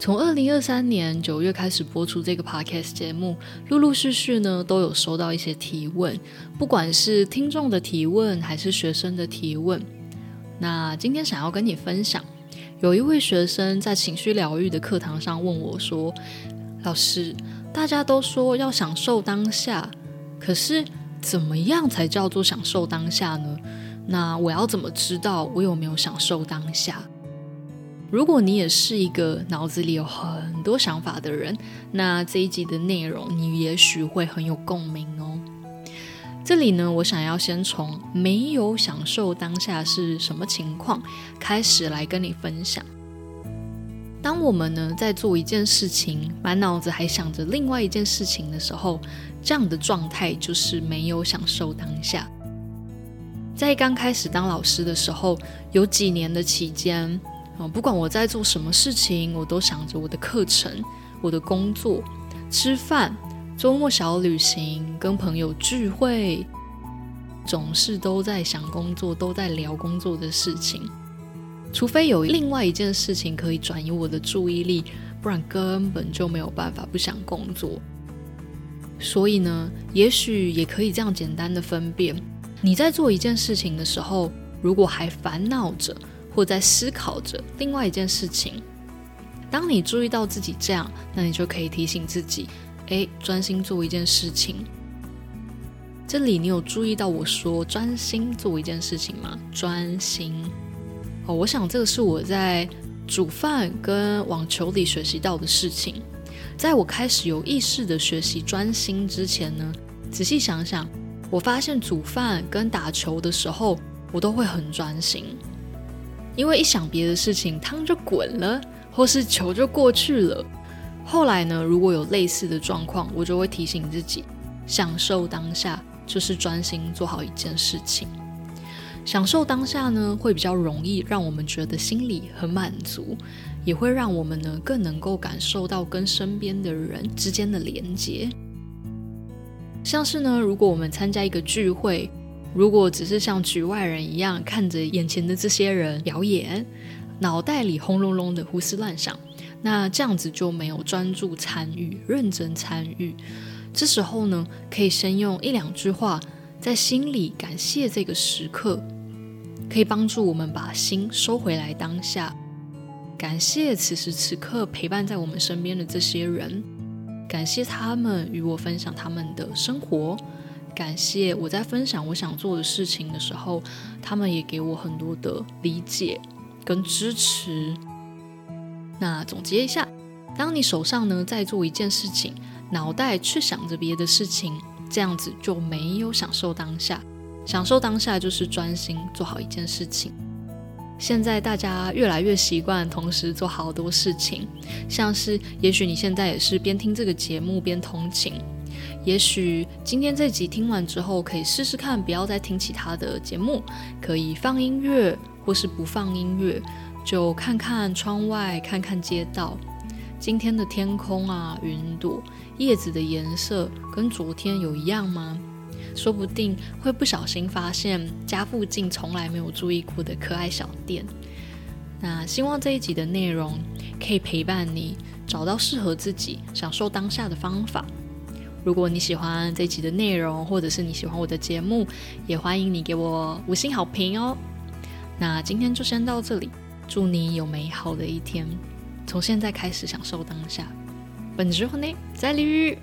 從二零二三年九月開始播出這個 podcast 節目，陸陸續續呢都有收到一些提問，不管是聽眾的提問還是學生的提問。那今天想要跟你分享，有一位學生在情緒療癒的課堂上問我說：“老師，大家都說要享受當下，可是怎麼樣才叫做享受當下呢？那我要怎麼知道我有沒有享受當下？”如果你也是一個腦子裡有很多想法的人，那這一集的內容你也許會很有共鳴哦。這裡呢，我想要先從沒有享受當下是什麼情況開始來跟你分享。當我們呢，在做一件事情，滿腦子還想着另外一件事情的時候，這樣的狀態就是沒有享受當下。在剛開始當老師的時候，有幾年的期間，嗯，不管我在做什麼事情，我都想着我的課程、我的工作、吃飯、週末小旅行、跟朋友聚會，總是都在想工作，都在聊工作的事情。除非有另外一件事情可以轉移我的注意力，不然根本就沒有辦法不想工作。所以呢，也許也可以這樣簡單的分辨：你在做一件事情的時候，如果還煩惱着。或在思考着另外一件事情。當你注意到自己這樣，那你就可以提醒自己：“哎，專心做一件事情。”這裡你有注意到我說“專心做一件事情”嗎？專心。哦，我想這個是我在煮飯跟網球裡學習到的事情。在我開始有意識的學習專心之前呢，仔細想想，我發現煮飯跟打球的時候，我都會很專心。因為一想別的事情，湯就滾了，或是球就過去了。後來呢，如果有類似的狀況，我就會提醒自己，享受當下就是專心做好一件事情。享受當下呢，會比較容易讓我們覺得心裡很滿足，也會讓我們呢更能夠感受到跟身邊的人之間的連接。像是呢，如果我們參加一個聚會，如果只是像局外人一樣看着眼前的這些人表演，腦袋裡轟隆隆的胡思亂想，那這樣子就沒有專注參與、認真參與。這時候呢，可以先用一兩句話在心裡感謝這個時刻，可以幫助我們把心收回來當下。感謝此時此刻陪伴在我們身邊的這些人，感謝他們與我分享他們的生活。感謝我在分享我想做的事情的時候，他們也給我很多的理解跟支持。那總結一下，當你手上呢在做一件事情，腦袋去想着別的事情，這樣子就沒有享受當下。享受當下就是專心做好一件事情。現在大家越來越習慣同時做好多事情，像是也許你現在也是邊聽這個節目邊通勤。也許今天這集聽完之後，可以試試看，不要再聽其他的節目，可以放音樂，或是不放音樂，就看看窗外，看看街道。今天的天空啊，雲朵，葉子的顏色，跟昨天有一樣嗎？說不定會不小心發現家附近從來沒有注意過的可愛小店。那希望這一集的內容可以陪伴你，找到適合自己，享受當下的方法。如果你喜歡這集的內容，或者是你喜歡我的節目，也歡迎你給我五星好評哦。那今天就先到這裡，祝你有美好的一天，從現在開始享受當下。本集播呢，在麗玉。